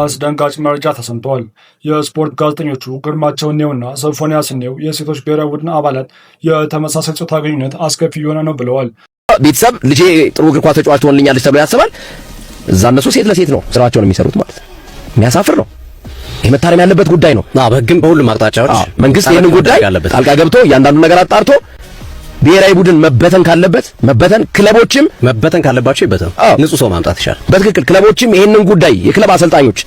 አስደንጋጭ መረጃ ተሰምተዋል። የስፖርት ጋዜጠኞቹ ግርማቸው እኔውና ሶፎንያስ እኔው የሴቶች ብሔራዊ ቡድን አባላት የተመሳሳይ ጾታ ግንኙነት አስከፊ የሆነ ነው ብለዋል። ቤተሰብ ልጄ ጥሩ እግር ኳስ ተጫዋች ትሆንልኛለች ተብሎ ያስባል። እዛ እነሱ ሴት ለሴት ነው ስራቸውን የሚሰሩት ማለት የሚያሳፍር ነው። ይህ መታረም ያለበት ጉዳይ ነው። በህግም በሁሉም አቅጣጫዎች መንግስት ይህንን ጉዳይ ጣልቃ ገብቶ እያንዳንዱ ነገር አጣርቶ ብሔራዊ ቡድን መበተን ካለበት መበተን፣ ክለቦችም መበተን ካለባቸው ይበተን። ንጹህ ሰው ማምጣት ይሻላል። በትክክል ክለቦችም ይህንን ጉዳይ የክለብ አሰልጣኞች፣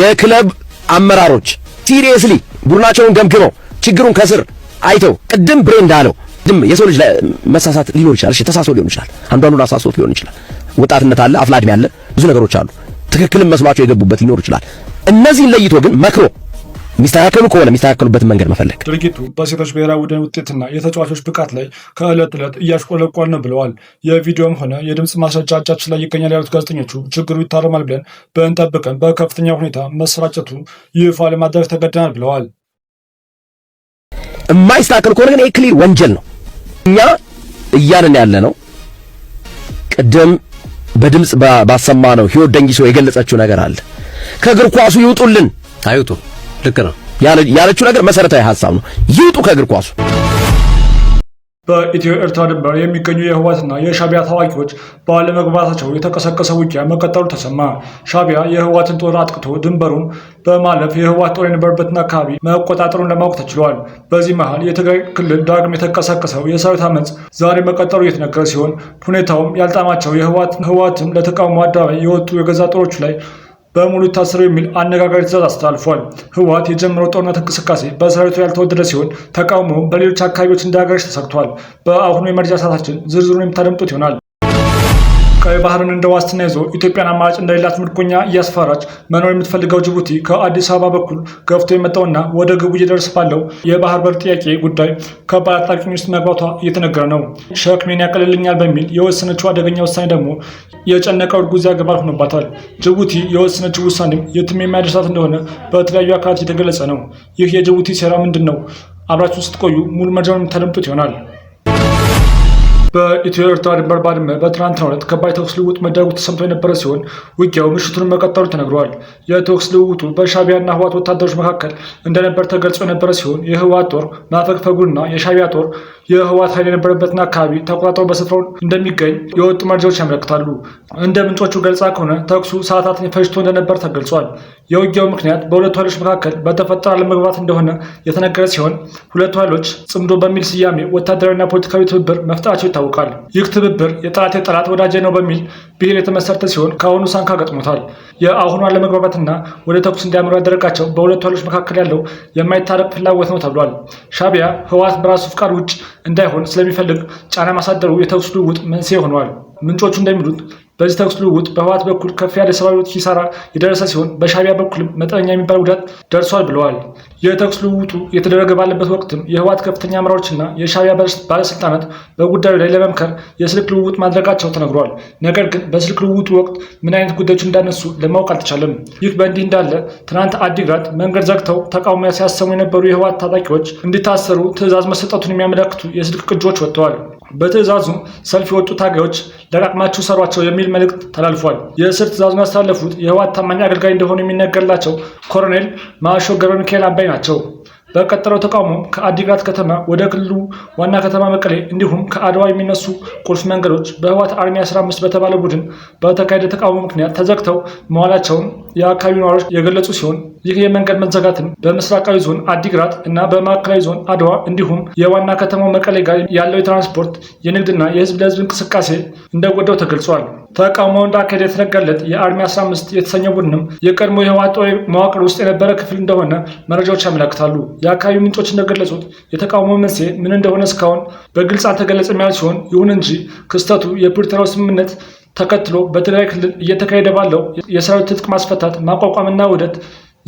የክለብ አመራሮች ሲሪየስሊ ቡድናቸውን ገምግመው ችግሩን ከስር አይተው ቅድም ብሬ እንዳለው ድም የሰው ልጅ መሳሳት ሊኖር ይችላል። እሺ ተሳስቶ ሊሆን ይችላል። አንዷንዱን አሳስቶት ሊሆን ይችላል። ወጣትነት አለ፣ አፍላ ዕድሜ አለ፣ ብዙ ነገሮች አሉ። ትክክልም መስሏቸው የገቡበት ሊኖር ይችላል። እነዚህን ለይቶ ግን መክሮ የሚስተካከሉ ከሆነ የሚስተካከሉበት መንገድ መፈለግ። ድርጊቱ በሴቶች ብሔራዊ ቡድን ውጤትና የተጫዋቾች ብቃት ላይ ከዕለት ዕለት እያሽቆለቋል ነው ብለዋል። የቪዲዮም ሆነ የድምፅ ማስረጃ እጃችን ላይ ይገኛል ያሉት ጋዜጠኞቹ ችግሩ ይታረማል ብለን ብንጠብቅም በከፍተኛ ሁኔታ መሰራጨቱ ይፋ ለማድረግ ተገደናል ብለዋል። የማይስተካከሉ ከሆነ ግን ክሊር ወንጀል ነው። እኛ እያልን ያለ ነው ቅድም በድምፅ ባሰማ ነው ህይወት ደንጊሶ የገለጸችው ነገር አለ። ከእግር ኳሱ ይውጡልን አይውጡ ልክ ነው ያለችው ነገር መሰረታዊ ሀሳብ ነው። ይውጡ ከእግር ኳሱ። በኢትዮ ኤርትራ ድንበር የሚገኙ የህወሓትና የሻቢያ ታዋቂዎች ባለመግባታቸው የተቀሰቀሰ ውጊያ መቀጠሉ ተሰማ። ሻቢያ የህወሓትን ጦር አጥቅቶ ድንበሩን በማለፍ የህወሓት ጦር የነበረበትን አካባቢ መቆጣጠሩን ለማወቅ ተችሏል። በዚህ መሃል የትግራይ ክልል ዳግም የተቀሰቀሰው የሰራዊት አመፅ ዛሬ መቀጠሉ እየተነገረ ሲሆን ሁኔታውም ያልጣማቸው የህወሓትን ለተቃውሞ አደባባይ የወጡ የገዛ ጦሮቹ ላይ በሙሉ ይታሰሩ የሚል አነጋጋሪ ትዕዛዝ አስተላልፏል። ህወሓት የጀመረው ጦርነት እንቅስቃሴ በሰራዊቱ ያልተወደደ ሲሆን ተቃውሞውም በሌሎች አካባቢዎች እንዲያገረሽ ተሰግቷል። በአሁኑ የመረጃ ሰዓታችን ዝርዝሩን የምታደምጡት ይሆናል። ቀይ ባህርን እንደ ዋስትና ይዞ ኢትዮጵያን አማራጭ እንደሌላት ምርኮኛ እያስፈራች መኖር የምትፈልገው ጅቡቲ ከአዲስ አበባ በኩል ገፍቶ የመጣውና ወደ ግቡ እየደረስ ባለው የባህር በር ጥያቄ ጉዳይ ከባድ አጣብቂኝ ውስጥ መግባቷ እየተነገረ ነው። ሸክሜን ያቀልልኛል በሚል የወሰነችው አደገኛ ውሳኔ ደግሞ የጨነቀው እርጉዝ ያገባል ሆኖባታል። ጅቡቲ የወሰነችው ውሳኔም የትም የሚያደርሳት እንደሆነ በተለያዩ አካላት የተገለጸ ነው። ይህ የጅቡቲ ሴራ ምንድን ነው? አብራችሁ ስትቆዩ ሙሉ መረጃውን የምታደምጡት ይሆናል። በኢትዮ ኤርትራ ድንበር ባድመ በትናንትናው ዕለት ከባድ ተኩስ ልውውጥ መደረጉ ተሰምቶ የነበረ ሲሆን ውጊያው ምሽቱን መቀጠሉ ተነግሯል። የተኩስ ልውውጡ በሻቢያና ህዋት ወታደሮች መካከል እንደነበር ተገልጾ የነበረ ሲሆን የህዋት ጦር ማፈግፈጉና የሻቢያ ጦር የህዋት ኃይል የነበረበትን አካባቢ ተቆጣጥሮ በስፍራው እንደሚገኝ የወጡ መረጃዎች ያመለክታሉ። እንደ ምንጮቹ ገልጻ ከሆነ ተኩሱ ሰዓታትን ፈጅቶ እንደነበር ተገልጿል። የውጊያው ምክንያት በሁለቱ ኃይሎች መካከል በተፈጠረ አለመግባት እንደሆነ የተነገረ ሲሆን ሁለቱ ኃይሎች ጽምዶ በሚል ስያሜ ወታደራዊና ፖለቲካዊ ትብብር መፍጠራቸው ይታወቃል። ይታወቃል። ይህ ትብብር የጠላት የጠላት ወዳጄ ነው በሚል ብሂል የተመሰረተ ሲሆን ከአሁኑ ሳንካ ገጥሞታል። የአሁኑ አለመግባባትና ወደ ተኩስ እንዲያምሩ ያደረጋቸው በሁለቱ ኃይሎች መካከል ያለው የማይታረቅ ፍላጎት ነው ተብሏል። ሻቢያ ህወሓት በራሱ ፍቃድ ውጭ እንዳይሆን ስለሚፈልግ ጫና ማሳደሩ የተኩስ ልውውጥ መንስኤ ሆነዋል። ምንጮቹ እንደሚሉት በዚህ ተኩስ ልውውጥ በህወሓት በኩል ከፍ ያለ ሰብአዊ ኪሳራ የደረሰ ሲሆን በሻቢያ በኩልም መጠነኛ የሚባል ጉዳት ደርሷል ብለዋል። የተኩስ ልውውጡ የተደረገ ባለበት ወቅትም የህወሓት ከፍተኛ አመራሮችና የሻቢያ ባለስልጣናት በጉዳዩ ላይ ለመምከር የስልክ ልውውጥ ማድረጋቸው ተነግሯል። ነገር ግን በስልክ ልውውጡ ወቅት ምን አይነት ጉዳዮች እንዳነሱ ለማወቅ አልተቻለም። ይህ በእንዲህ እንዳለ ትናንት አዲግራት መንገድ ዘግተው ተቃውሞ ሲያሰሙ የነበሩ የህወሓት ታጣቂዎች እንዲታሰሩ ትዕዛዝ መሰጠቱን የሚያመለክቱ የስልክ ቅጂዎች ወጥተዋል። በትዕዛዙ ሰልፍ የወጡ ታጋዮች ደቃቅማችሁ ሰሯቸው የሚል መልእክት ተላልፏል። የእስር ትዕዛዙን ያስተላለፉት የህወሓት ታማኝ አገልጋይ እንደሆኑ የሚነገርላቸው ኮሎኔል ማሾ ገብረ ሚካኤል አባይ ናቸው። በቀጠለው ተቃውሞ ከአዲግራት ከተማ ወደ ክልሉ ዋና ከተማ መቀሌ እንዲሁም ከአድዋ የሚነሱ ቁልፍ መንገዶች በህወሓት አርሚ 15 በተባለ ቡድን በተካሄደ ተቃውሞ ምክንያት ተዘግተው መዋላቸውን የአካባቢው ነዋሪዎች የገለጹ ሲሆን ይህ የመንገድ መዘጋትን በምስራቃዊ ዞን አዲግራት እና በማዕከላዊ ዞን አድዋ እንዲሁም የዋና ከተማው መቀሌ ጋር ያለው የትራንስፖርት የንግድና የህዝብ ለህዝብ እንቅስቃሴ እንደጎዳው ተገልጿል። ተቃውሞው እንዳካሄደ የተነገረለት የአርሚ 15 የተሰኘው ቡድንም የቀድሞ የህወሓት ጦር መዋቅር ውስጥ የነበረ ክፍል እንደሆነ መረጃዎች ያመለክታሉ። የአካባቢ ምንጮች እንደገለጹት የተቃውሞ መንስኤ ምን እንደሆነ እስካሁን በግልጽ አልተገለጸም ያለ ሲሆን ይሁን እንጂ ክስተቱ የፕሪቶሪያው ስምምነት ተከትሎ በትግራይ ክልል እየተካሄደ ባለው የሰራዊት ትጥቅ ማስፈታት ማቋቋምና ውህደት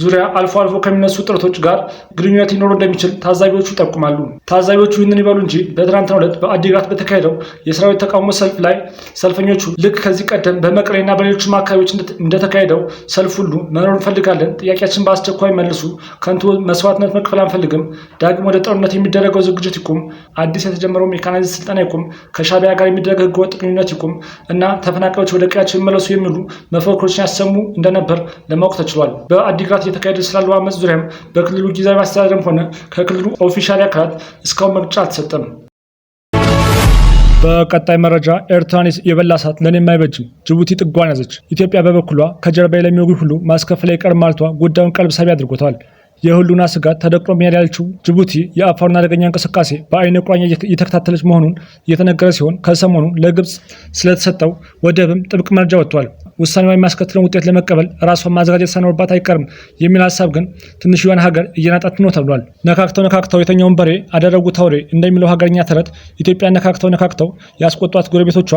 ዙሪያ አልፎ አልፎ ከሚነሱ ጥረቶች ጋር ግንኙነት ሊኖሩ እንደሚችል ታዛቢዎቹ ይጠቁማሉ። ታዛቢዎቹ ይህንን ይበሉ እንጂ በትናንትናው ዕለት በአዲግራት በተካሄደው የሰራዊት ተቃውሞ ሰልፍ ላይ ሰልፈኞቹ ልክ ከዚህ ቀደም በመቀሌና በሌሎችም አካባቢዎች እንደተካሄደው ሰልፍ ሁሉ መኖር እንፈልጋለን፣ ጥያቄያችን በአስቸኳይ መልሱ፣ ከንቱ መስዋዕትነት መክፈል አንፈልግም፣ ዳግም ወደ ጦርነት የሚደረገው ዝግጅት ይቁም፣ አዲስ የተጀመረው ሜካናይዝ ስልጠና ይቁም፣ ከሻቢያ ጋር የሚደረገ ህገወጥ ግንኙነት ይቁም እና ተፈናቃዮች ወደ ቀያቸው ይመለሱ የሚሉ መፈክሮችን ያሰሙ እንደነበር ለማወቅ ተችሏል። በአዲግራት እየተካሄደ ስላለው አመፅ ዙሪያም በክልሉ ጊዜያዊ አስተዳደርም ሆነ ከክልሉ ኦፊሻል አካላት እስካሁን መግለጫ አልተሰጠም። በቀጣይ መረጃ ኤርትራን የበላ እሳት ለኔ የማይበጅም፣ ጅቡቲ ጥጓን ያዘች። ኢትዮጵያ በበኩሏ ከጀርባ ለሚወጉኝ ሁሉ ማስከፈል አይቀርም ማለቷ ጉዳዩን ቀልብ ሳቢ አድርጎታል። የሁሉና ስጋት ተደቅኖ ሚያድ ያለችው ጅቡቲ የአፋሩን አደገኛ እንቅስቃሴ በአይነ ቁራኛ እየተከታተለች መሆኑን እየተነገረ ሲሆን ከሰሞኑ ለግብፅ ስለተሰጠው ወደብም ጥብቅ መረጃ ወጥቷል። ውሳኔዋ የሚያስከትለውን ውጤት ለመቀበል ራሷን ማዘጋጀት ሳይኖርባት አይቀርም የሚል ሀሳብ ግን ትንሽዋን ሀገር እየናጣት ነው ተብሏል። ነካክተው ነካክተው የተኛውን በሬ አደረጉት አውሬ እንደሚለው ሀገርኛ ተረት ኢትዮጵያ ነካክተው ነካክተው ያስቆጧት ጎረቤቶቿ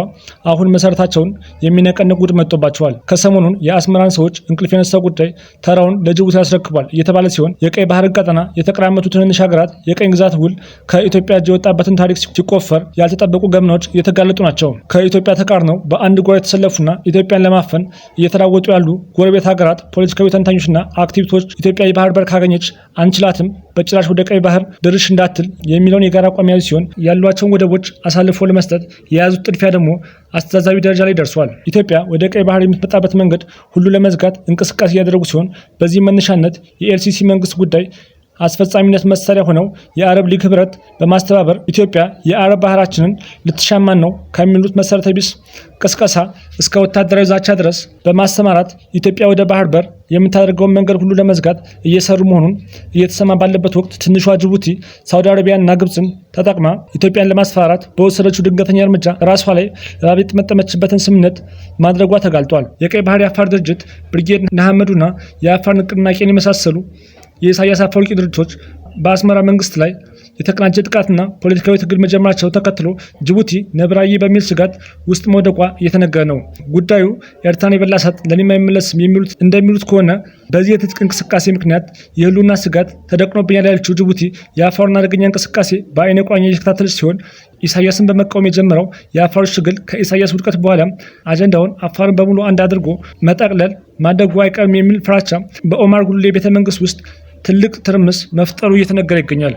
አሁን መሰረታቸውን የሚነቀንቅ ጉድ መጥቶባቸዋል። ከሰሞኑን የአስመራን ሰዎች እንቅልፍ የነሳው ጉዳይ ተራውን ለጅቡቲ ያስረክቧል እየተባለ ሲሆን የቀይ ባህር ቀጠና የተቀራመቱ ትንንሽ ሀገራት የቀኝ ግዛት ውል ከኢትዮጵያ እጅ የወጣበትን ታሪክ ሲቆፈር ያልተጠበቁ ገመናዎች እየተጋለጡ ናቸው። ከኢትዮጵያ ተቃርነው በአንድ ጎራ የተሰለፉና ኢትዮጵያን ለማ ለማፈን እየተራወጡ ያሉ ጎረቤት ሀገራት ፖለቲካዊ ተንታኞችና አክቲቪስቶች ኢትዮጵያ የባህር በር ካገኘች አንችላትም፣ በጭራሽ ወደ ቀይ ባህር ድርሽ እንዳትል የሚለውን የጋራ አቋም ያዙ ሲሆን ያሏቸውን ወደቦች አሳልፎ ለመስጠት የያዙት ጥድፊያ ደግሞ አስተዛዛቢ ደረጃ ላይ ደርሷል። ኢትዮጵያ ወደ ቀይ ባህር የምትመጣበት መንገድ ሁሉ ለመዝጋት እንቅስቃሴ እያደረጉ ሲሆን በዚህ መነሻነት የኤልሲሲ መንግስት ጉዳይ አስፈጻሚነት መሳሪያ ሆነው የአረብ ሊግ ህብረት በማስተባበር ኢትዮጵያ የአረብ ባህራችንን ልትሻማን ነው ከሚሉት መሰረተ ቢስ ቅስቀሳ እስከ ወታደራዊ ዛቻ ድረስ በማሰማራት ኢትዮጵያ ወደ ባህር በር የምታደርገውን መንገድ ሁሉ ለመዝጋት እየሰሩ መሆኑን እየተሰማ ባለበት ወቅት ትንሿ ጅቡቲ ሳውዲ አረቢያንና ግብፅን ተጠቅማ ኢትዮጵያን ለማስፈራራት በወሰደችው ድንገተኛ እርምጃ ራሷ ላይ ራብ የተመጠመችበትን ስምምነት ማድረጓ ተጋልጧል። የቀይ ባህር የአፋር ድርጅት ብርጌድ ንሓመዱና የአፋር ንቅናቄን የመሳሰሉ የኢሳያስ አፈወርቂ ድርጅቶች በአስመራ መንግስት ላይ የተቀናጀ ጥቃትና ፖለቲካዊ ትግል መጀመራቸው ተከትሎ ጅቡቲ ነብራዬ በሚል ስጋት ውስጥ መውደቋ እየተነገረ ነው። ጉዳዩ ኤርትራን የበላ እሳት የሚሉት እንደሚሉት ከሆነ በዚህ የትጥቅ እንቅስቃሴ ምክንያት የህልውና ስጋት ተደቅኖብኛል ያለችው ጅቡቲ የአፋሩን አደገኛ እንቅስቃሴ በአይነ ቋኛ እየተከታተለች ሲሆን ኢሳያስን በመቃወም የጀመረው የአፋሮች ትግል ከኢሳያስ ውድቀት በኋላ አጀንዳውን አፋርን በሙሉ አንድ አድርጎ መጠቅለል ማደጉ አይቀርም የሚል ፍራቻ በኦማር ጉሌ ቤተመንግስት ውስጥ ትልቅ ትርምስ መፍጠሩ እየተነገረ ይገኛል።